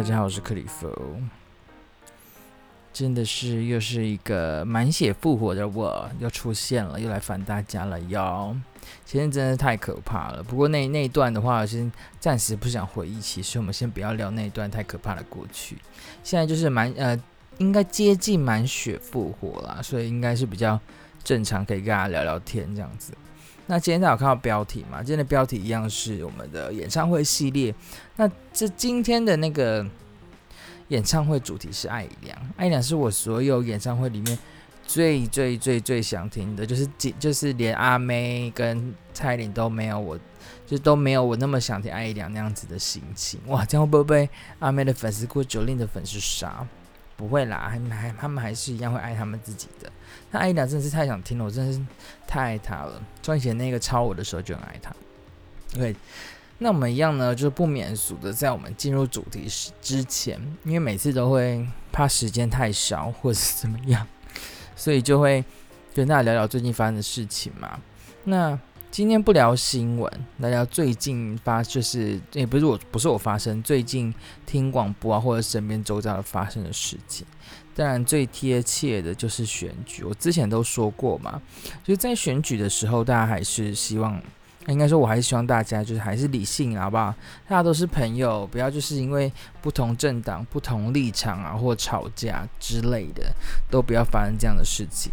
大家好，我是克里夫，真的是又是一個滿血復活的我，又出現了，又來煩大家了喲！今天真的太可怕了。不過那那一段的話，我先暫時不想回憶起。所以我們先不要聊那一段太可怕的過去。現在就是滿呃，應該接近滿血復活了，所以應該是比較正常，可以跟大家聊聊天這樣子。那今天早有看到標題嘛？今天的標題一樣是我們的演唱會系列。那這今天的那個演唱會主題是艾怡良，艾怡良是我所有演唱會裡面最最最最，最想聽的，就是就是連阿妹跟蔡依林都沒有我，我就都沒有我那麼想聽艾怡良那樣子的心情。哇，這樣會不會被阿妹的粉絲或 Jolin 的粉絲殺？不會啦，還還他們還是一樣會愛他們自己的。那艾怡良真的是太想聽了，我真的是太愛他了。賺錢那個超我的時候就很愛他。對，那我們一樣呢，就是不免俗的在我們進入主題之前，因為每次都會怕時間太少或者是怎麼樣，所以就會跟大家聊聊最近發生的事情嘛。那今天不聊新聞，聊聊最近發就是也不是我不是我發生，最近聽廣播啊或者身邊周遭的發生的事情。當然，最貼切的就是選舉。我之前都說過嘛，就是在選舉的時候，大家還是希望，應該說，我還是希望大家就是還是理性，好不好？大家都是朋友，不要就是因為不同政黨、不同立場啊，或吵架之類的，都不要發生這樣的事情。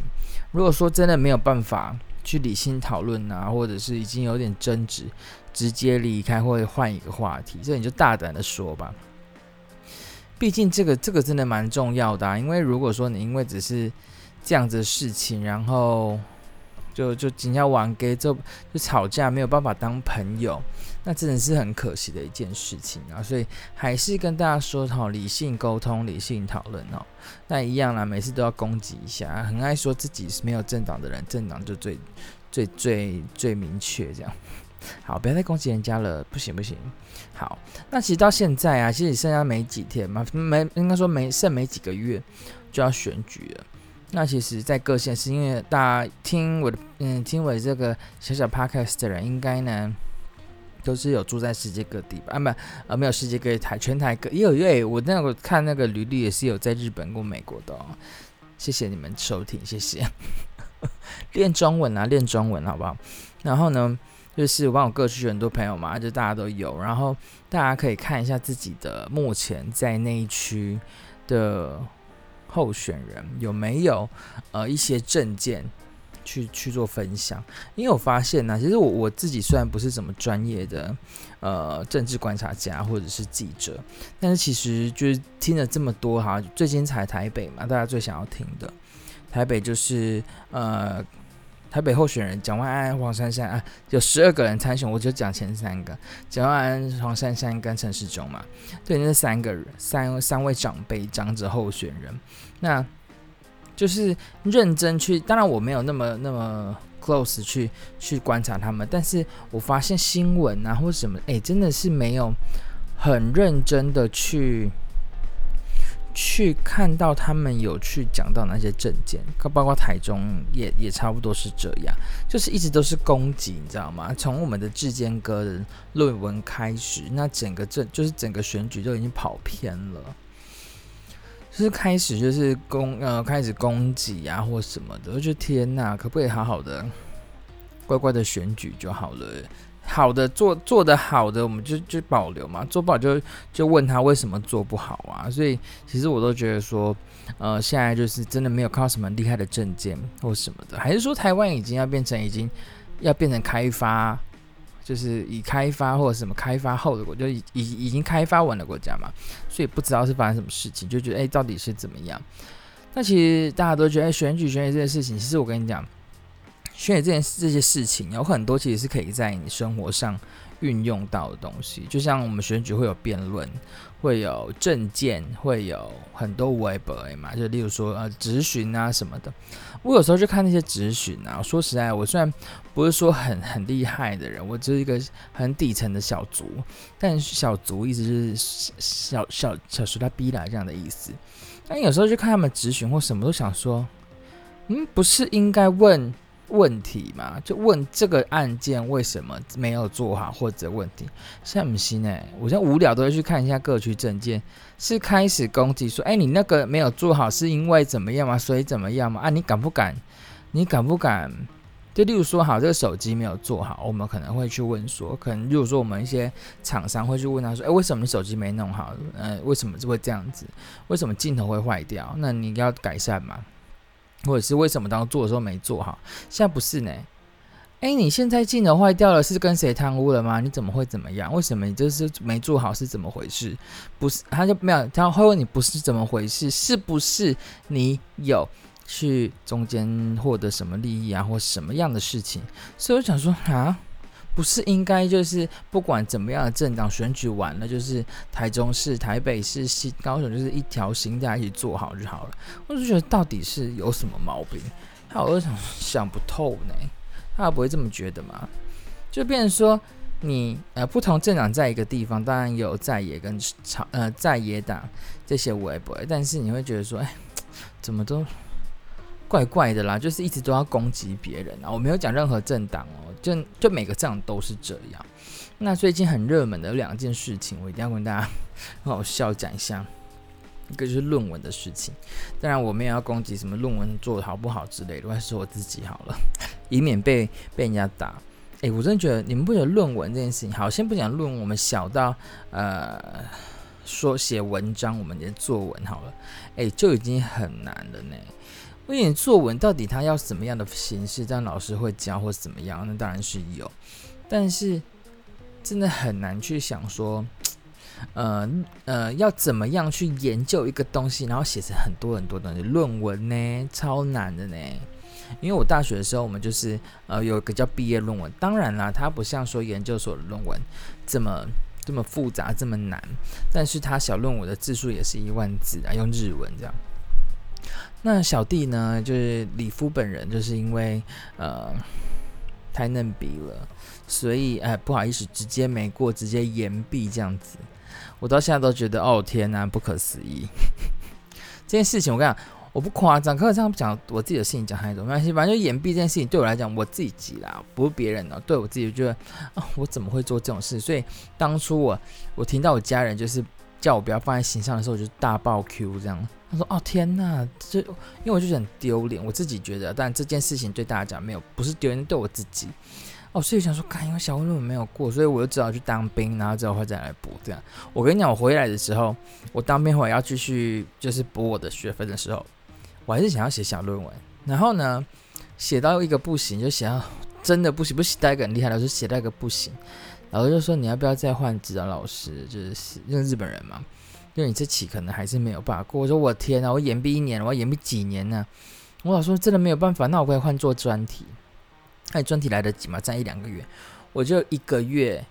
如果說真的沒有辦法去理性討論啊，或者是已經有點爭執，直接離開或者換一個話題，這你就大膽的說吧。畢竟這個這個真的蠻重要的啊，因為如果說你因為只是這樣子的事情，然後就就緊要玩給就就吵架，沒有辦法當朋友，那真的是很可惜的一件事情啊。所以還是跟大家說好，哦，理性溝通，理性討論哦。那一樣啦，每次都要攻擊一下，很愛說自己是沒有政黨的人，政黨就最最最最明確這樣。好，不要再攻擊人家了，不行不行。好，那其實到現在啊，其實剩下沒幾天嘛，沒應該說，沒剩沒幾個月就要選舉了。那其實，在各縣是因為大家聽我的，嗯，聽我這個小小 podcast 的人，應該呢都是有住在世界各地吧？啊，不，呃，沒有世界各地台，全台各也有。哎，我那我看那個履歷也是有在日本跟美國的哦。謝謝你們收聽，謝謝。 練中文啊，練中文好不好？然後呢？就是我幫我各區很多朋友嘛，就大家都有，然後大家可以看一下自己的目前在那一區的候選人有沒有呃一些政見去去做分享。因為我發現呢，其實我我自己雖然不是什麼專業的呃政治觀察家或者是記者，但是其實就是聽了這麼多哈，好像最精彩台北嘛，大家最想要聽的台北就是呃。台北候選人蔣萬安、黃珊珊啊，有十二個人參選，我就講前三個：蔣萬安、黃珊珊跟陳時中嘛。對，那三個人三三位長輩長者候選人，那就是認真去。當然我沒有那麼那麼 close 去去觀察他們，但是我發現新聞啊或者什麼，哎、欸，真的是沒有很認真的去。去看到他們有去講到那些政見，可包括台中也也差不多是這樣，就是一直都是攻擊，你知道嗎？從我們的智堅哥的論文開始，那整個政就是整個選舉就已經跑偏了，就是開始就是攻呃開始攻擊啊或什麼的，我覺得天哪，可不可以好好的乖乖的選舉就好了，欸？好的，做做的好的，我們就就保留嘛，做不好就就問他為什麼做不好啊。所以其實我都覺得說，呃，現在就是真的沒有靠什麼厲害的政見，或什麼的，還是說台灣已經要變成已經要變成開發，就是已開發或者什麼開發後的國，就已已已經開發完的國家嘛。所以不知道是發生什麼事情，就覺得誒、哎，到底是怎麼樣？那其實大家都覺得、哎、選舉選舉這件事情，其實我跟你講。選舉這件事、這些事情有很多，其實是可以在你生活上運用到的東西。就像我們選舉會有辯論，會有政見，會有很多微博嘛，就例如說呃質詢啊什麼的。我有時候就看那些質詢啊，說實在，我雖然不是說很很厲害的人，我就是一個很底層的小卒，但小卒意思是小小小卒他逼來這樣的意思。但有時候就看他們質詢或什麼都想說，嗯，不是應該問？問題嘛，就問這個案件為什麼沒有做好或者問題。像我們現在，我現在無聊都會去看一下各區證件，是開始攻擊說，哎、欸，你那個沒有做好是因為怎麼樣嘛，所以怎麼樣嘛？啊，你敢不敢？你敢不敢？就例如說，好，這個手機沒有做好，我們可能會去問說，可能例如說我們一些廠商會去問他說，哎、欸，為什麼你手機沒弄好？嗯、欸，為什麼就會這樣子？為什麼鏡頭會壞掉？那你要改善嘛？或者是為什麼當做的時候沒做好？現在不是呢？誒、欸，你現在鏡頭壞掉了，是跟誰貪污了嗎？你怎麼會怎麼樣？為什麼你就是沒做好是怎麼回事？不是，他就沒有，他會問你不是怎麼回事？是不是你有去中間獲得什麼利益啊，或什麼樣的事情？所以我想說啊。不是應該就是不管怎麼樣的政黨選舉完了，就是台中市、台北市、高雄，就是一條心大家一起做好就好了。我就覺得到底是有什麼毛病，他、啊、我都想想不透呢。他、啊、不會這麼覺得嗎？就變成說，你呃不同政黨在一個地方，當然有在野跟呃在野黨這些我也不會，但是你會覺得說，哎、欸，怎麼都。怪怪的啦，就是一直都要攻擊別人啊！我沒有講任何政黨哦、喔，就就每個政黨都是這樣。那最近很熱門的兩件事情，我一定要跟大家呵呵好笑講一下。一個就是論文的事情，當然我沒有要攻擊什麼論文做得好不好之類的，我還是說我自己好了，以免被被人家打。誒、欸，我真的覺得你們不覺得論文這件事情好，先不講論文，我們小到呃說寫文章，我們的作文好了，誒、欸，就已經很難了呢。因為你作文，到底他要什麼樣的形式，這樣老師會教或怎麼樣？那當然是有，但是真的很難去想說，呃呃，要怎麼樣去研究一個東西，然後寫成很多很多東西論文呢？超難的呢！因為我大學的時候，我們就是呃有一個叫畢業論文，當然啦，它不像說研究所的論文這麼這麼複雜這麼難，但是它小論文的字數也是一萬字啊，用日文這樣。那小弟呢，就是里夫本人，就是因為呃太嫩逼了，所以哎、呃、不好意思，直接沒過，直接延畢這樣子。我到現在都覺得，哦天吶、啊，不可思議。 這件事情，我跟你講，我不誇張，可能這樣講我自己的事情講太多沒關係，反正就延畢這件事情對我來講，我自己啦，不是別人哦、喔，對我自己就覺得啊、呃，我怎麼會做這種事？所以當初我、啊、我聽到我家人就是叫我不要放在心上的時候，我就大爆 Q 這樣。他說：“哦，天吶，這因為我就是很丟臉，我自己覺得。但這件事情對大家講沒有，不是丟臉對我自己。哦，所以想說，看因為小論文沒有過，所以我就只好去當兵，然後之後會再來補。這樣、啊，我跟你講，我回來的時候，我當兵回來要繼續就是補我的學分的時候，我還是想要寫小論文。然後呢，寫到一個不行，就寫到真的不行不行。帶一個很厲害的老師寫到一個不行，老師就說你要不要再換指導老師，就是用日本人嘛。”因為你這期可能還是沒有辦法過，我說我天啊，我延畢一年，我要延畢幾年呢？啊？我老說真的沒有辦法，那我可以換做專題，那你專題來得及嗎？站一兩個月，我就一個月，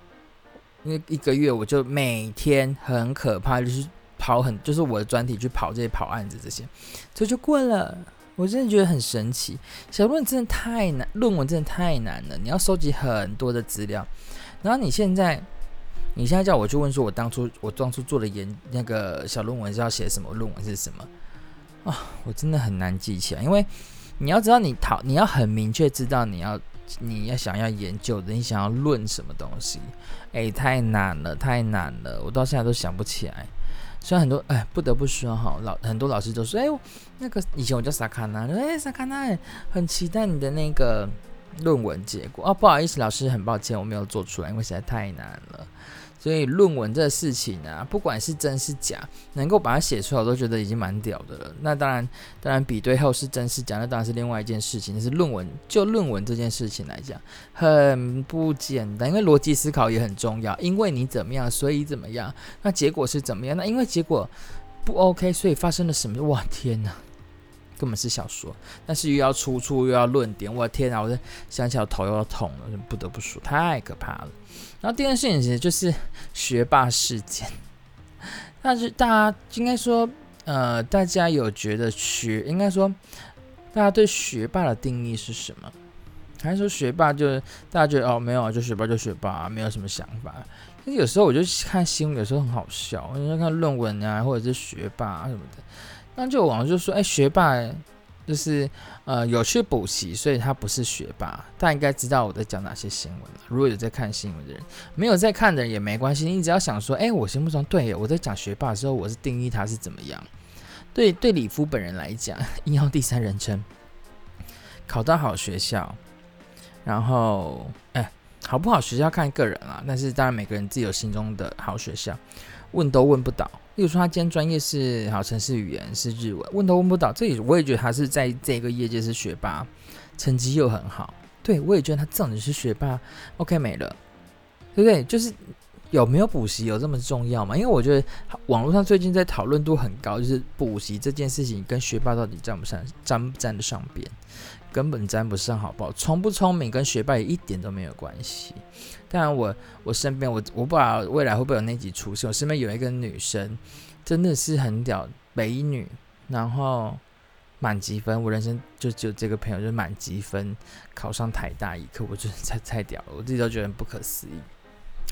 因為一個月我就每天很可怕，就是跑很，就是我的專題去跑這些跑案子這些，所以就過了。我真的覺得很神奇，小論真的太難，論文真的太難了，你要收集很多的資料，然後你現在。你現在叫我去問說，我當初我當初做的研那個小論文是要寫什麼論文是什麼啊？哦，我真的很難記起來，因為你要知道你討你要很明確知道你要你要想要研究的你想要論什麼東西，哎，太難了，太難了，我到現在都想不起來。雖然很多哎，不得不說哈，老很多老師都說，哎，那個以前我叫薩卡納，哎，薩卡納很期待你的那個論文結果啊。哦，不好意思，老師很抱歉我沒有做出來，因為實在太難了。所以論文這事情啊，不管是真是假，能夠把它寫出來，我都覺得已經蠻屌的了。那當然，當然比對後是真是假，那當然是另外一件事情。就是論文，就論文這件事情來講，很不簡單，因為邏輯思考也很重要。因為你怎麼樣，所以怎麼樣，那結果是怎麼樣？那因為結果不 OK，所以發生了什麼？哇天哪，根本是小說。但是又要出處，又要論點，我的天哪，我想起來我頭又要痛了。不得不說，太可怕了。然後第二件事情其實就是學霸事件，但是大家應該說，呃，大家有覺得學應該說，大家對學霸的定義是什麼？還是說學霸就是大家覺得哦，沒有啊，就學霸就學霸啊，沒有什麼想法。那有時候我就看新聞，有時候很好笑，因為看論文啊，或者是學霸啊什麼的。那就網上就說：“哎，學霸。”就是，呃，有去補習，所以他不是學霸。大家應該知道我在講哪些新聞、啊、如果有在看新聞的人，沒有在看的人也沒關係。你只要想說，哎、欸，我心目中，對我在講學霸的時候，我是定義他是怎麼樣。對，對，里夫本人來講，硬要第三人稱，考到好學校，然後，哎、欸，好不好學校看個人啦、啊，但是當然，每個人自己有心中的好學校，問都問不倒。例如說他今天專業是好像是語言是日文，問都問不倒，這裡我也覺得他是在這個業界是學霸，成績又很好。對，我也覺得他這樣子是學霸。OK，沒了，對不對？就是。有沒有補習有這麼重要嗎？因為我覺得網絡上最近在討論度很高，就是補習這件事情跟學霸到底沾不上沾不沾得上邊，根本沾不上好不好？聰不聰明跟學霸也一點都沒有關係。當然我，我身我身邊我我不知道未來會不會有那幾出現我身邊有一個女生，真的是很屌美女，然後滿級分。我人生就只有這個朋友，就滿級分考上台大醫科，我覺得太太屌了，我自己都覺得很不可思議。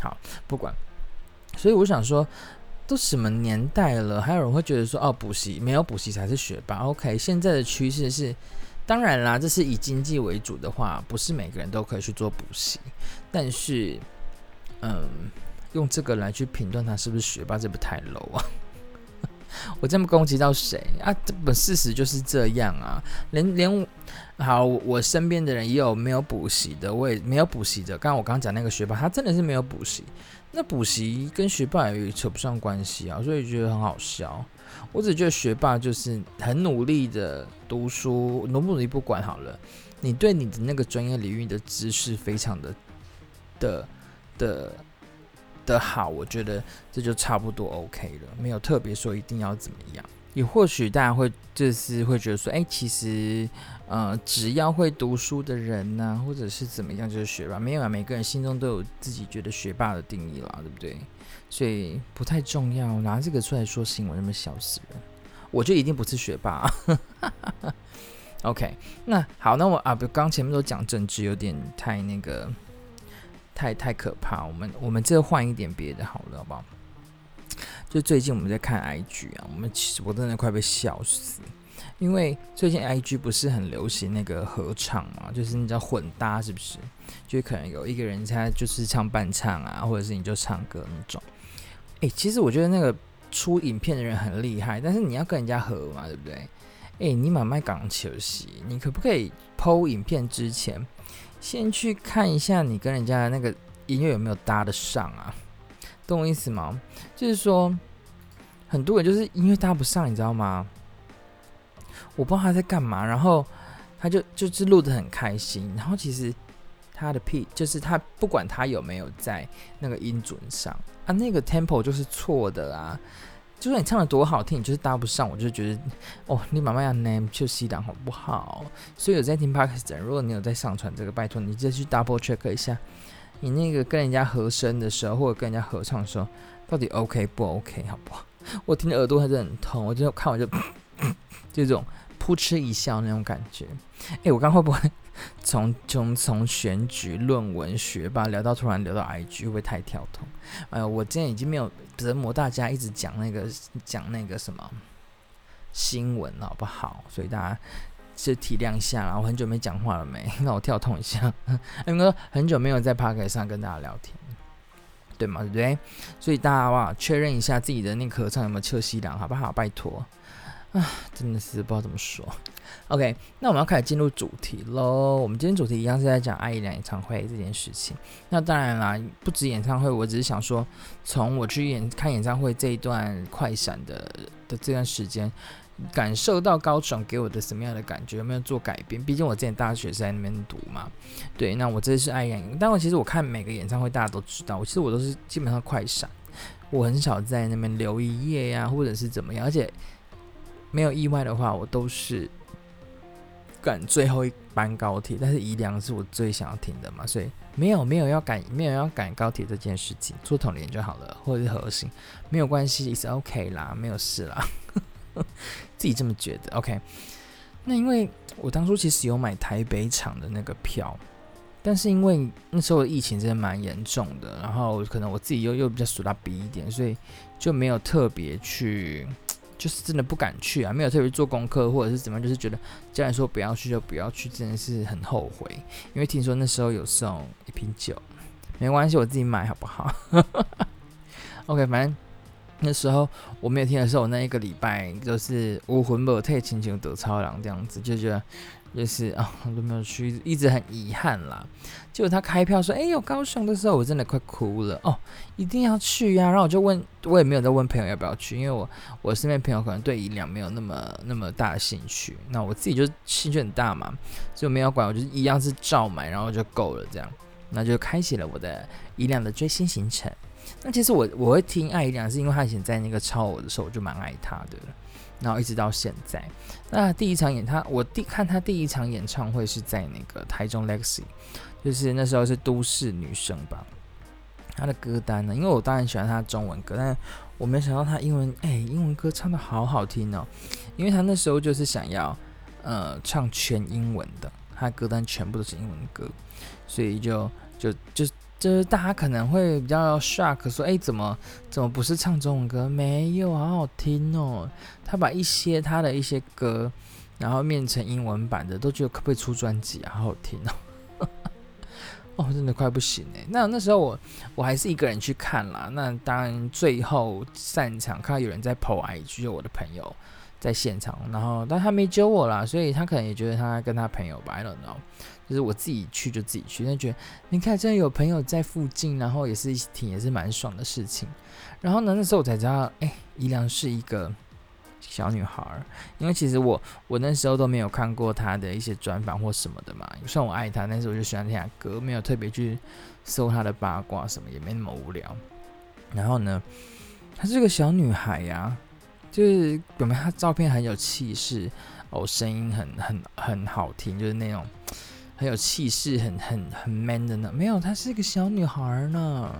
好，不管，所以我想說，都什麼年代了，還有人會覺得說，哦，補習沒有補習才是學霸？OK，現在的趨勢是，當然啦，這是以經濟為主的話，不是每個人都可以去做補習，但是，嗯，用這個來去評斷他是不是學霸，這不太 low 啊。我這麼攻擊到誰啊？這本事實就是這樣啊！連連好，我身邊的人也有沒有補習的，我也沒有補習的。剛剛我剛講那個學霸，他真的是沒有補習。那補習跟學霸也扯不上關係啊，所以覺得很好笑。我只覺得學霸就是很努力的讀書，努不努力不管好了。你對你的那個專業領域的知識非常的的的。的的好，我覺得這就差不多 OK 了，沒有特別說一定要怎麼樣。也或許大家會就是會覺得說，誒，其實呃，只要會讀書的人呢、啊，或者是怎麼樣就是學霸，沒有啊，每個人心中都有自己覺得學霸的定義啦，對不對？所以不太重要，拿這個出來說新聞，那麼笑死人。我就一定不是學霸、啊。 OK，那好，那我啊，不，剛前面都講政治，有點太那個。太太可怕，我們我們這換一點別的好了，好不好？就最近我們在看 IG 啊，我們其實我真的快被笑死，因為最近 IG 不是很流行那個合唱嘛，就是你知道混搭是不是？就可能有一個人他就是唱伴唱啊，或者是你就唱歌那種。誒，其實我覺得那個出影片的人很厲害，但是你要跟人家合嘛，對不對？誒，你買賣港球鞋，你可不可以 po 影片之前？先去看一下你跟人家的那個音樂有沒有搭得上啊？懂我意思嗎？就是說，很多人就是音樂搭不上，你知道嗎？我不知道他在幹嘛，然後他就就是錄得很開心，然後其實他的屁就是他不管他有沒有在那個音準上啊，那個 tempo 就是錯的啦、啊。就算你唱的多好聽，你就是搭不上，我就覺得，哦，你媽媽要 name 就 C 檔好不好？所以有在聽 Podcast 如果你有在上傳這個，拜託你再去 double check 一下，你那個跟人家和聲的時候，或者跟人家合唱的時候，到底 OK 不 OK，好不好？我聽的耳朵還是很痛，我就看我就呵呵這種撲哧一笑那種感覺。哎、欸，我剛會不會？從從從選舉、論文學吧，聊到突然聊到 IG，會不會太跳痛？哎呀，我今天已經沒有折磨大家，一直講那個講那個什麼新聞，好不好？所以大家就體諒一下啦。我很久沒講話了沒？那我跳痛一下。哎，因為很久沒有在 Parker 上跟大家聊天，對嗎？對不對？所以大家哇，確認一下自己的那個合唱有沒有側吸兩，好不好？拜託。啊，真的是不知道怎麼說。OK，那我們要開始進入主題嘍。我們今天主題一樣是在講艾怡良演唱會這件事情。那當然啦，不止演唱會，我只是想說，從我去演看演唱會這一段快閃的的這段時間，感受到高雄給我的什麼樣的感覺，有沒有做改變？畢竟我之前大學是在那邊讀嘛。對，那我這是愛演。但我其實我看每個演唱會，大家都知道，我其實我都是基本上快閃，我很少在那邊留一夜呀、啊，或者是怎麼樣，而且。沒有意外的話，我都是趕最後一班高鐵。但是怡良是我最想要聽的嘛，所以沒有沒有要趕，沒有要趕高鐵這件事情，坐統聯就好了，或者是和欣，沒有關係，It's OK 啦，沒有事啦呵呵，自己這麼覺得。OK，那因為我當初其實有買台北場的那個票，但是因為那時候的疫情真的蠻嚴重的，然後可能我自己又又比較俗辣逼一點，所以就沒有特別去。就是真的不敢去啊，沒有特別做功課或者是怎麼樣，就是覺得既然說不要去就不要去，真的是很後悔。因為聽說那時候有送一瓶酒，沒關係，我自己買好不好 ？OK，反正那時候我沒有聽的時候，我那一個禮拜就是無魂無體，親像稻草人這樣子，就覺得。就是啊，哦、我都沒有去，一直很遺憾啦。結果他開票說，哎、欸，喲高雄的時候，我真的快哭了哦，一定要去呀、啊。然後我就問，我也沒有再問朋友要不要去，因為我我身邊朋友可能對怡良沒有那麼那麼大的興趣。那我自己就興趣很大嘛，就沒有管，我就一樣是照買，然後就夠了這樣。那就開啟了我的怡良的追星行程。那其實我我會聽艾怡良是因為以前在那個超偶的時候，我就蠻愛他的。然後一直到現在，那第一場演他，我第看他第一場演唱會是在那個台中 Lexie，就是那時候是都市女生吧。他的歌單呢，因為我當然喜歡他中文歌，但我沒想到他英文，哎，英文歌唱得好好聽哦。因為他那時候就是想要，呃，唱全英文的，他歌單全部都是英文歌，所以就就就。就就就是大家可能會比較 shock，說，哎，怎麼怎麼不是唱中文歌？沒有，好好聽哦。他把一些他的一些歌，然後變成英文版的，都覺得可不可以出專輯啊，好好聽哦， 哦，真的快不行誒。那那時候我我還是一個人去看啦。那當然最後散場看到有人在跑，一句就我的朋友。在現場，然後但他沒揪我啦，所以他可能也覺得他跟他朋友掰了，然後就是我自己去，就自己去，但覺得你看，真的有朋友在附近，然後也是一挺也是蠻爽的事情。然後呢，那時候我才知道，哎、欸，怡良是一個小女孩，因為其實我我那時候都沒有看過她的一些專訪或什麼的嘛，算我愛她，但是我就喜歡聽她歌，沒有特別去搜她的八卦什麼，也沒那麼無聊。然後呢，她是個小女孩呀、啊。就是表明他照片很有氣勢，哦，聲音很很很好聽，就是那種很有氣勢、很很很 man 的呢。沒有，她是個小女孩呢，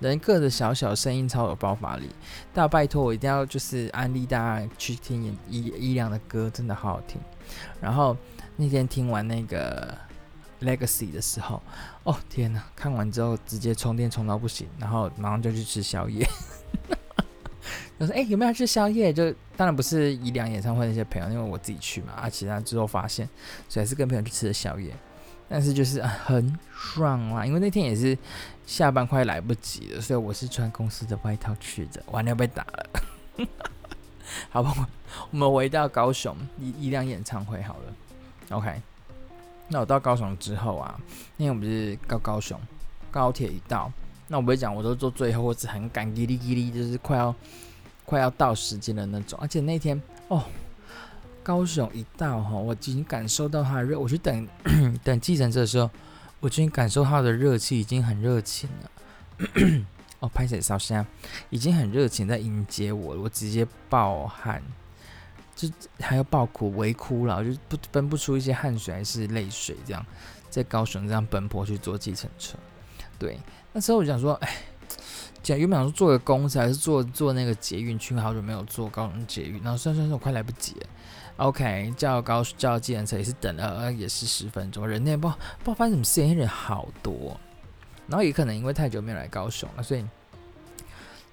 人個子小小，聲音超有爆發力。但拜托，我一定要就是安利大家去聽艾怡良的歌，真的好好聽。然後那天聽完那個 Legacy 的時候，哦天哪！看完之後直接充電充到不行，然後馬上就去吃宵夜。 我說：“哎、欸，有沒有要吃宵夜？就當然不是怡良演唱會那些朋友，因為我自己去嘛。啊，其他之後發現，所以還是跟朋友去吃的宵夜。但是就是、啊、很爽啊，因為那天也是下班快來不及了，所以我是穿公司的外套去的，完了被打了。 好，吧，我們回到高雄怡怡良演唱會好了。OK，那我到高雄之後啊，那天我們是高高雄高鐵一到，那我不會講，我都坐最後，我只很趕，嘰哩嘰哩，就是快要。”快要到時間的那種，而且那天哦，高雄一到哈，我已經感受到他的熱。我去等等計程車的時候，我就已經感受他的熱氣已經很熱情了。咳咳哦，拍起照片，已經很熱情在迎接我，我直接爆汗，就還要爆哭，微哭了，我就不分不出一些汗水還是淚水，這樣在高雄這樣奔波去坐計程車。對，那時候我就想說，哎。講原本想說坐個公車還是坐坐那個捷運，去。好久沒有坐高雄捷運，然後算算算我快來不及了。OK，叫高叫計程車也是等了、呃、也是十分鐘，人也不不發現怎麼這些人好多，然後也可能因為太久沒有來高雄了，所以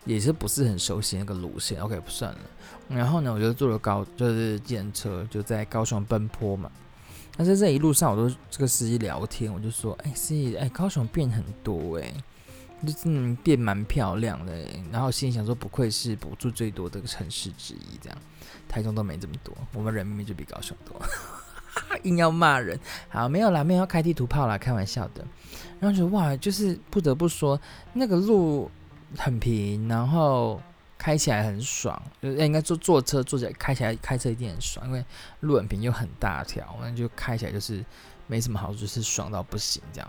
也是不是很熟悉那個路線。OK，不算了。然後呢，我就坐了高就是計程車，就在高雄奔波嘛。但是這一路上我都這個司機聊天，我就說，哎、欸，司機，哎、欸，高雄變很多、欸，哎。就嗯變蠻漂亮的，然後心想說不愧是補助最多的城市之一，這樣，台中都沒這麼多，我們人明明就比高雄多， 硬要罵人，好，沒有啦，沒有要開地圖炮啦，開玩笑的，然後覺得哇，就是不得不說那個路很平，然後開起來很爽，就應該坐坐車、坐起來，開起來開車一定很爽，因為路很平又很大條，那就開起來就是沒什麼好處，就是爽到不行這樣。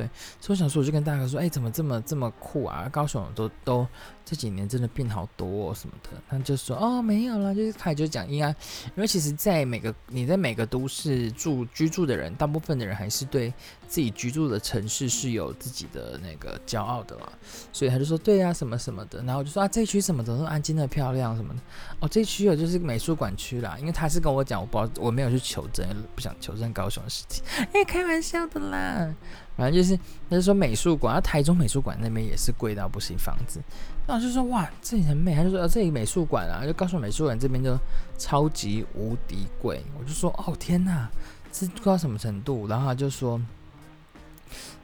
對，所以我想說，我就跟大哥說，哎，怎麼這麼這麼酷啊？高雄都都這幾年真的變好多、哦、什麼的。他就說，哦，沒有啦，就是他就講應該，因為其實，在每個你在每個都市住居住的人，大部分的人還是對自己居住的城市是有自己的那個驕傲的啦。所以他就說，對啊，什麼什麼的。然後我就說，啊，這區什麼的都安靜的漂亮什麼的。哦，這區有、哦、就是美術館區啦，因為他是跟我講，我不我沒有去求證，不想求證高雄的事情。哎，開玩笑的啦。反正就是，他就說美術館，啊，台中美術館那邊也是貴到不行，房子。然後就說哇，這裡很美，他就說，啊、這裡美術館啊，就告訴美術館這邊就超級無敵貴。我就說哦天哪，這貴到什麼程度？然後他就說，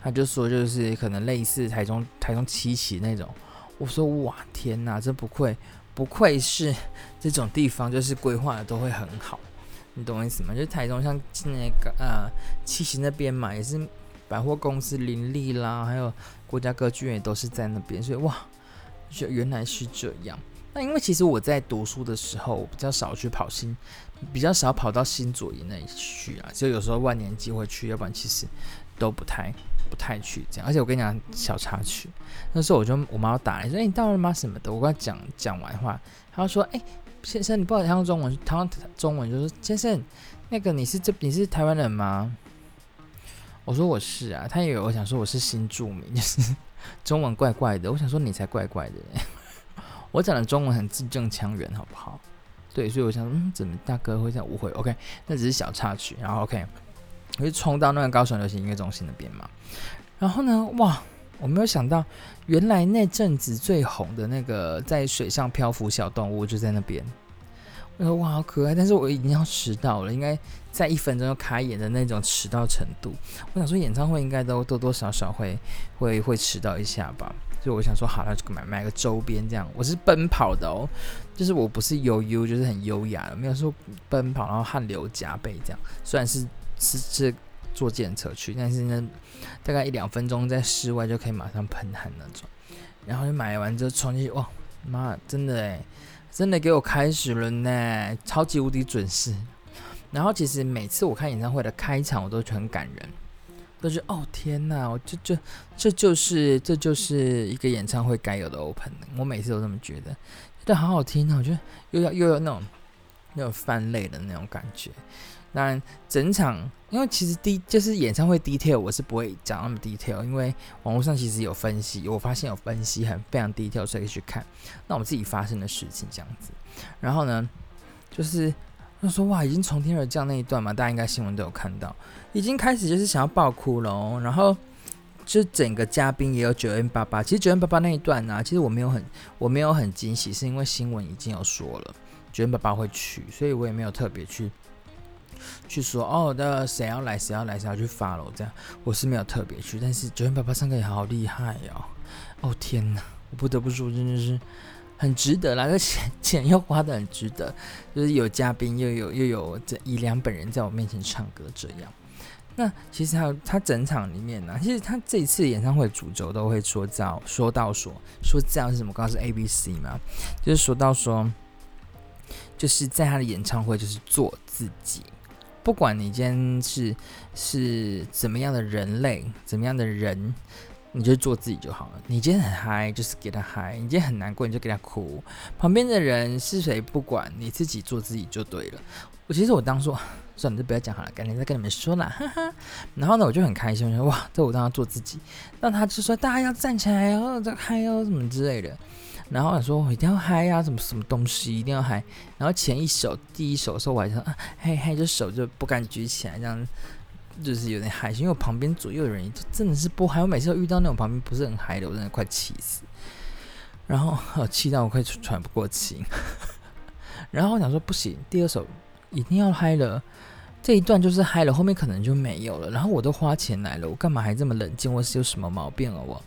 他就說就是可能類似台中台中七期那種。我說哇天哪，這不愧不愧是這種地方，就是規劃的都會很好。你懂我意思嗎？就是、台中像那個啊、呃，七期那邊嘛，也是。百貨公司林立啦，還有國家歌劇院也都是在那邊，所以哇，就原來是這樣。那因為其實我在讀書的時候，我比較少去跑新，比較少跑到新左營那裡去啊，就有時候萬年幾會去，要不然其實都不太不太去這樣。而且我跟你講，小插曲，那時候我就我媽打來說：“哎、欸，你到了嗎？”什麼的，我跟她講講完話，她說：“哎、欸，先生，你不好聽中文，她他中文就說、是：先生，那個你是這你是台灣人嗎？”我說我是啊，他以為我想說我是新住民，就是中文怪怪的。我想說你才怪怪的， 我講的中文很字正腔圓，好不好？對，所以我想說，嗯，怎麼大哥會這樣誤會？OK，那只是小插曲。然後 OK，我就衝到那個高雄流行音樂中心那邊嘛。然後呢，哇，我沒有想到，原來那陣子最紅的那個在水上漂浮小動物就在那邊。我說哇，好可愛，但是我已經要遲到了，應該。在一分鐘就開演的那種遲到程度，我想說演唱會應該都多多少少會會會遲到一下吧。就我想說，好了，買買個周邊這樣。我是奔跑的哦，就是我不是悠悠，就是很優雅，沒有說奔跑然後汗流浹背這樣。雖然是是是坐電車去，但是呢，大概一兩分鐘在室外就可以馬上噴汗那種。然後就買完之後衝進去，哇，媽，真的誒、欸，真的給我開始了呢、欸，超級無敵準時。然後其實每次我看演唱會的開場我，我都覺得很感人，都是哦天吶，我這這這就是這就是一個演唱會該有的 open，我每次都這麼覺得，覺得好好聽啊，我覺得又要又有那種那種泛淚的那種感覺。當然整場，因為其實 d 就是演唱會 detail 我是不會講那麼 detail，因為網絡上其實有分析，我發現有分析很非常 detail，所以可以去看那我們自己發生的事情這樣子。然後呢，就是。他說：“哇，已經從天而降那一段嘛，大家應該新聞都有看到，已經開始就是想要爆哭了，哦。然後就整個嘉賓也有 9m88，其實 9m88 那一段呢，啊，其實我沒有很我沒有很驚喜，是因為新聞已經有說了 9m88 會去，所以我也沒有特別去去說哦那誰要來誰要來誰要去發了這樣，我是沒有特別去。但是 9m88 唱歌也好厲害哦，哦天哪，我不得不說真的是。”很值得啦，這錢錢又花得很值得，就是有嘉賓又有又有這一兩本人在我面前唱歌這樣。那其實他他整場裡面呢、啊，其實他這一次演唱會主軸都會說到說到說說這樣是什麼？告訴 A B C 嘛，就是說到說，就是在他的演唱會就是做自己，不管你今天是是怎麼樣的人類，怎麼樣的人。你就做自己就好了。你今天很嗨，就是給他嗨；你今天很難過，你就給他哭。旁邊的人是誰不管，你自己做自己就對了。我其實我當時說算了，就不要講好了，改天再跟你們說啦，哈哈。然後呢，我就很開心，我說哇，這我當要做自己，那他就說大家要站起來哦，然後嗨哦什麼之類的。然後我說我一定要嗨啊，什麼什麼東西一定要嗨。然後前一首第一首的時候我還想嗨嗨，就手就不敢舉起來這樣。就是有點害羞，因為我旁邊左右的人就真的是不害，還有每次都遇到那種旁邊不是很嗨的，我真的快氣死，然後氣到我快喘不過氣， 然後我想說不行，第二首一定要嗨了，這一段就是嗨了，後面可能就沒有了，然後我都花錢來了，我幹嘛還這麼冷靜？我是有什麼毛病了我？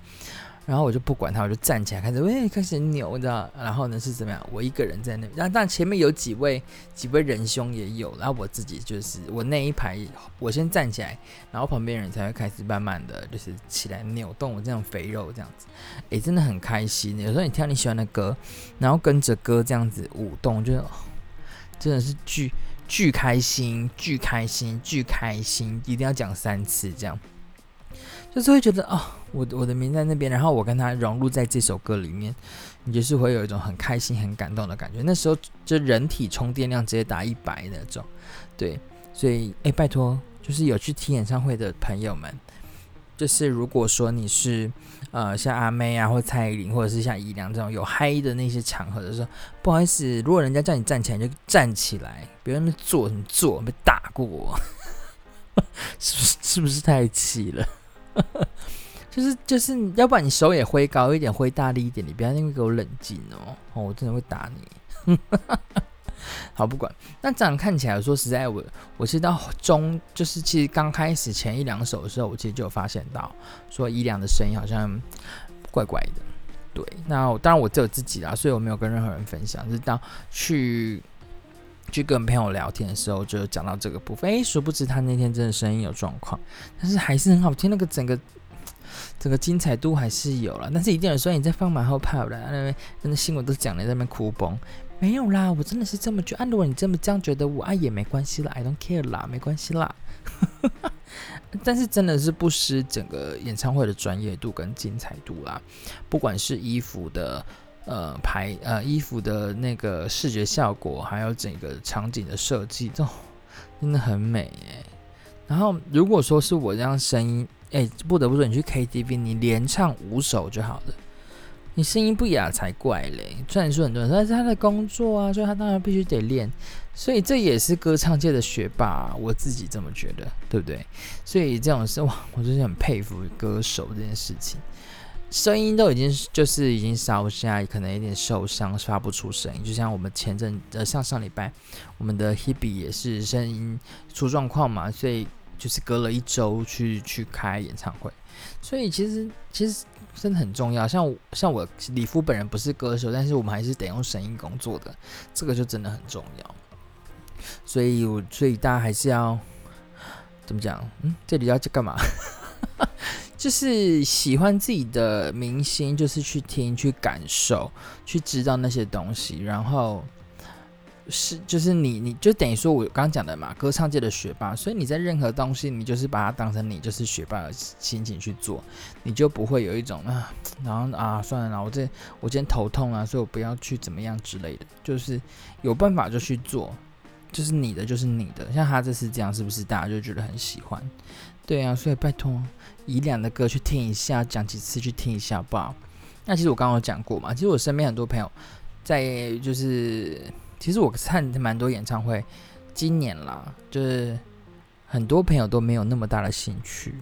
然後我就不管他，我就站起來開始，哎，開始扭的。然後呢是怎麼樣？我一個人在那邊，但但前面有幾位幾位仁兄也有。然後我自己就是我那一排，我先站起來，然後旁邊人才會開始慢慢的就是起來扭動我這樣肥肉這樣子。哎，真的很開心。有時候你跳你喜歡的歌，然後跟着歌這樣子舞動，就、哦、真的是巨巨開心，巨開心，巨開心，一定要講三次這樣。就是會覺得啊、哦，我我的名字在那邊，然後我跟他融入在這首歌裡面，你就是會有一種很開心、很感動的感覺。那時候就人體充電量直接打一百那種，對，所以誒，拜托，就是有去聽演唱會的朋友們，就是如果說你是呃像阿妹啊，或蔡依林，或者是像怡良這種有嗨的那些場合的時候，不好意思，如果人家叫你站起來你就站起來，別人坐你坐，沒打過我， 是不是？是不是太氣了？ 就是就是，要不然你手也揮高一點，揮大力一點，你不要因為給我冷靜哦哦，我真的會打你。 好，不管。那這樣看起來，說實在我，我我是到中，就是其實剛開始前一兩首的時候，我其實就有發現到，說怡良的聲音好像怪怪的。對，那當然我只有自己啦，所以我沒有跟任何人分享。就是到去。去跟朋友聊天的時候，就有講到這個部分。哎、欸，殊不知他那天真的聲音有狀況，但是還是很好聽。那個整個整個精彩度還是有了，但是一定有時候你在放馬後炮的那邊。真的新聞都講了，在那邊哭崩。沒有啦，我真的是這麼覺得。按如果你這麼這樣覺得，我也沒關係啦，I don't care 啦，沒關係啦。 但是真的是不失整個演唱會的專業度跟精彩度啦，不管是衣服的。呃，排呃衣服的那個視覺效果，還有整個場景的設計，都真的很美耶。然後如果說是我這樣聲音，哎，不得不說你去 KTV，你連唱五首就好了，你聲音不啞才怪嘞。雖然說很熱，但是他的工作啊，所以他當然必須得練。所以這也是歌唱界的學霸啊，我自己這麼覺得，對不對？所以這種是哇，我真的很佩服歌手這件事情。聲音都已經就是已經燒下，可能有點受傷，發不出聲音。就像我們前陣，呃，像上禮拜，我們的 Hebe 也是聲音出狀況嘛，所以就是隔了一周去去開演唱會。所以其實其實真的很重要。像我像我里夫本人不是歌手，但是我們還是得用聲音工作的，這個就真的很重要。所以我，我所以大家還是要怎麼講？嗯，這裡要去幹嘛？ 就是喜歡自己的明星，就是去聽、去感受、去知道那些東西，然後是就是你，你就等於說我剛剛講的嘛，歌唱界的學霸，所以你在任何東西，你就是把它當成你就是學霸的心情去做，你就不會有一種啊，然後啊，算了，我這我今天頭痛啊，所以我不要去怎麼樣之類的，就是有辦法就去做，就是你的就是你的，像他這次這樣，是不是大家就覺得很喜歡？對啊，所以拜托，怡良的歌去聽一下，講幾次去聽一下吧。那其實我剛剛有講過嘛，其實我身邊很多朋友在就是，其實我看蠻多演唱會，今年啦，就是很多朋友都沒有那麼大的興趣。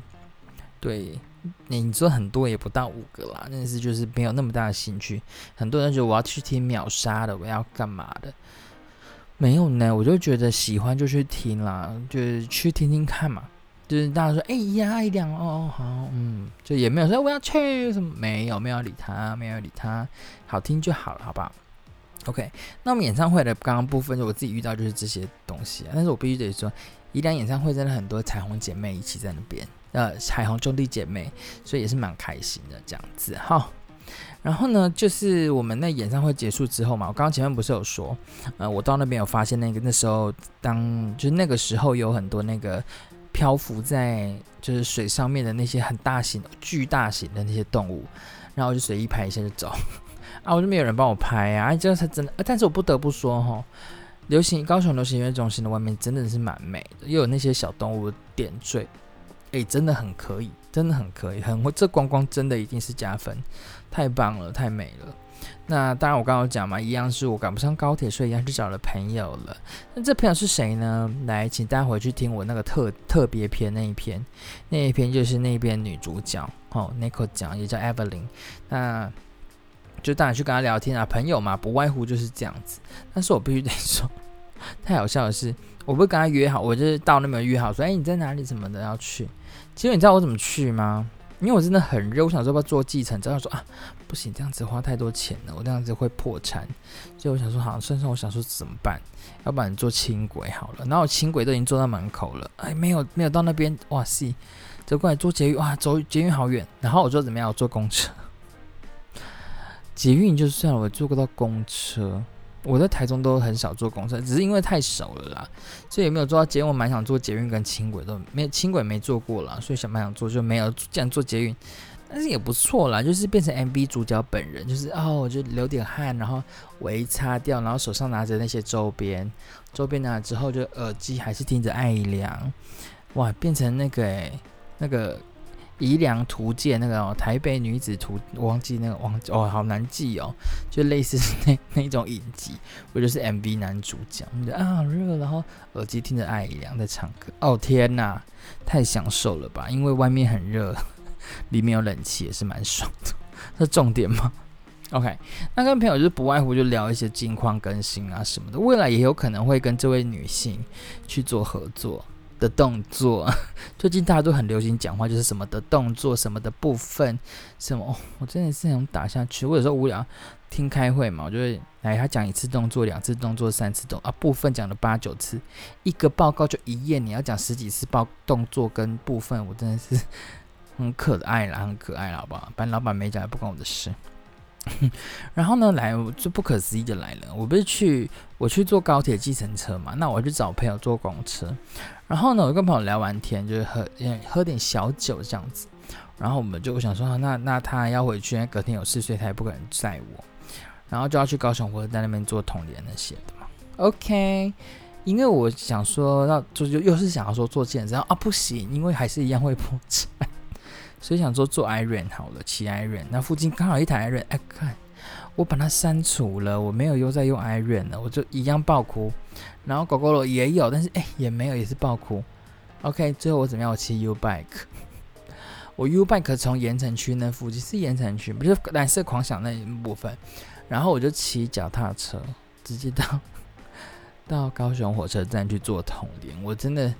對，你說很多也不到五個啦，但是就是沒有那麼大的興趣。很多人就我要去聽秒殺的，我要幹嘛的。沒有呢，我就覺得喜歡就去聽啦，就是去聽聽看嘛。就是大家說，哎呀，怡良哦，哦，好，嗯，就也沒有說我要去什麼，沒有，沒有理他，沒有理他，好聽就好了，好吧？OK，那我們演唱會的剛剛部分，就我自己遇到就是這些東西啊，但是我必須得說，怡良演唱會真的很多彩虹姐妹一起在那邊，呃，彩虹兄弟姐妹，所以也是蠻開心的這樣子。好，然後呢，就是我們那演唱會結束之後嘛，我剛剛前面不是有說，呃，我到那邊有發現那個那時候當，當就是那個時候有很多那個。漂浮在就是水上面的那些很大型、巨大型的那些動物，然後我就隨意拍一下就走啊！我就沒有人幫我拍啊！這才真的，但是我不得不說哈，流行高雄流行音樂中心的外面真的是蠻美的，又有那些小動物點綴，哎，真的很可以，真的很可以，很這觀光真的一定是加分，太棒了，太美了。那當然，我剛剛講嘛，一樣是我趕不上高鐵，所以一樣去找了朋友了。那這朋友是誰呢？來，請大家回去聽我那個特特別篇那一篇，那一篇就是那邊女主角哦 Nicole 講，也叫 Evelyn。那就大家去跟她聊天啊，朋友嘛，不外乎就是這樣子。但是我必須得說，太好笑的是，我不是跟她約好，我就是到那邊約好說，哎、欸，你在哪裡？什麼的要去。結果你知道我怎麼去嗎？因為我真的很熱，我想說要不要坐計程，然後說啊，不行，這樣子花太多錢了，我這樣子會破產。所以我想說，好，像算算，我想說怎麼辦？要不然你坐輕軌好了。然後輕軌都已經坐到門口了，哎，沒有，沒有到那邊。哇塞，see, 走過來坐捷運，哇，走捷運好遠。然後我就怎麼樣，我坐公車，捷運就算了，我坐過到公車。我在台中都很少坐公車，只是因為太熟了啦。所以也沒有坐到捷運，我蠻想坐捷運跟輕軌都沒輕軌沒坐過了，所以想蠻想坐，就沒有這樣坐捷運。但是也不錯啦，就是變成 MV 主角本人，就是哦，我就流點汗，然後微擦掉，然後手上拿着那些周邊，周邊拿了之後就耳機還是聽着艾怡良，哇，變成那個、欸、那個。怡良圖鑑那個、喔、台北女子圖，我忘記那個記哦、喔，好難記哦、喔，就類似那那種影集，我就是 MV 男主角。我啊，好熱，然後耳機聽着艾怡良在唱歌，哦天吶、啊，太享受了吧！因為外面很熱，裡面有冷氣也是蠻爽的。這重點嗎？OK，那跟朋友就是不外乎就聊一些近況更新啊什麼的，未來也有可能會跟這位女性去做合作，的動作，最近大家都很流行講話，就是什麼的動作，什麼的部分，什麼，哦，我真的是想打下去。我有時候無聊聽開會嘛，我就會來他講一次動作，兩次動作，三次動啊，部分講了八九次，一個報告就一頁，你要講十幾次報動作跟部分，我真的是很可愛啦，很可愛啦，好不好？反正老板沒講也不關我的事。 然後呢，來就不可思議的來了。我不是去，我去坐高鐵計程車嘛。那我去找朋友坐公車。然後呢，我跟朋友聊完天，就是喝因為喝點小酒這樣子。然後我們就想說，那那他要回去，因為隔天有事，所以他也不可能載我。然後就要去高雄火車站那邊坐統聯那些的嘛。OK，因為我想說要，就就又是想要說坐兼職，啊不行，因為還是一樣會破產。所以想說坐 Iron 好了，騎 Iron。那附近剛好一台 Iron，哎，看我把它刪除了，我沒有又在用 Iron 了，我就一樣爆哭。然後狗狗也有，但是哎也沒有，也是爆哭。OK，最後我怎麼樣？我騎 Ubike， 我 Ubike 從鹽埕區那附近是，是鹽埕區不是藍色狂想那一部分，然後我就騎腳踏車直接到到高雄火車站去坐統聯。我真的。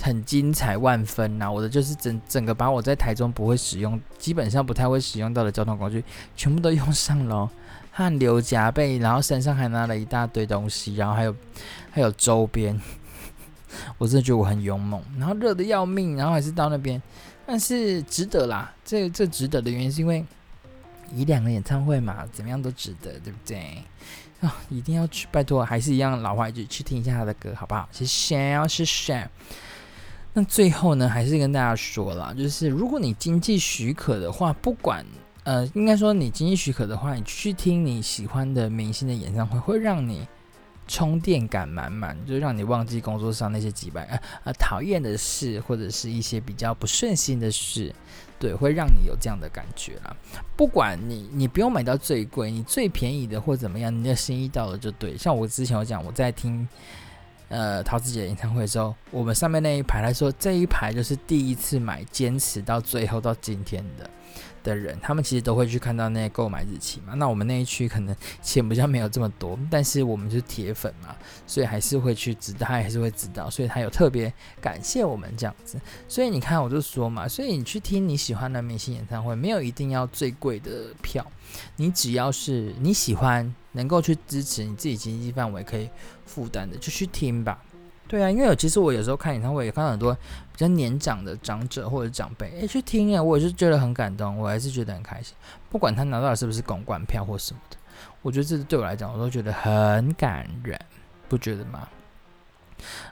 很精彩萬分吶、啊！我的就是整整個把我在台中不會使用，基本上不太會使用到的交通工具，全部都用上了、哦，汗流浹背，然後身上還拿了一大堆東西，然後還有還有周邊呵呵，我真的覺得我很勇猛，然後熱得要命，然後還是到那邊，但是值得啦！這這值得的原因是因為一兩個演唱會嘛，怎麼樣都值得，對不對？啊、哦，一定要去！拜托，還是一樣老話一句，去聽一下他的歌好不好？謝謝、哦，謝謝。那最後呢，還是跟大家說啦，就是如果你經濟許可的話，不管呃，應該說你經濟許可的話，你去聽你喜歡的明星的演唱會，會讓你充電感滿滿，就讓你忘記工作上那些幾百啊啊討厭的事，或者是一些比較不順心的事，對，會讓你有這樣的感覺啦。不管你，你不用買到最貴，你最便宜的或怎麼樣，你的心意到了就對了。像我之前有講，我在聽。呃，陶子姐的演唱會的時候，我們上面那一排來說，這一排就是第一次買，堅持到最後到今天的的人，他們其實都會去看到那個購買日期嘛。那我們那一區可能錢比較沒有這麼多，但是我們是鐵粉嘛，所以還是會去知道，他還是會知道，所以他有特別感謝我們這樣子。所以你看，我就說嘛，所以你去聽你喜歡的明星演唱會，沒有一定要最貴的票，你只要是你喜歡，能夠去支持你自己經濟範圍可以負擔的就去聽吧，對啊，因為其實我有時候看演唱會，也看到很多比較年長的長者或者長輩哎、欸、去聽啊，我也是覺得很感動，我還是覺得很開心，不管他拿到的是不是公關票或什麼的，我覺得這對我來講，我都覺得很感人，不覺得嗎？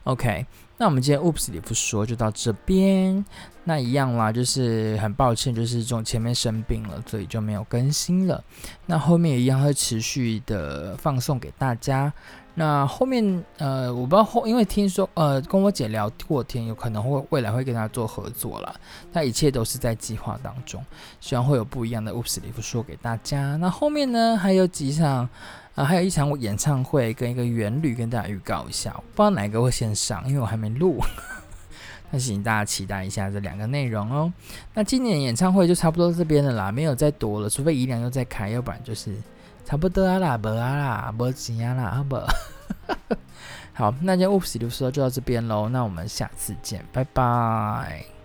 OK，那我們今天 Oops 里夫說就到這邊。那一樣啦，就是很抱歉，就是從前面生病了，所以就沒有更新了。那後面也一樣會持續的放送給大家。那後面呃，我不知道後，因為聽說呃，跟我姐聊過天，有可能會未來會跟她做合作啦。那一切都是在計劃當中，希望會有不一樣的 Oops 里夫說給大家。那後面呢，還有幾場。啊，還有一場演唱會跟一個原律，跟大家預告一下，我不知道哪個會先上，因為我還沒錄，但請大家期待一下這兩個內容哦。那今年演唱會就差不多這邊的啦，沒有再多了，除非怡良又再開，要不然就是差不多啦啦，啦，啦好不啦啦不怎樣啦不。好，那今天 Oops 里夫說就到這邊嘍，那我們下次見，拜拜。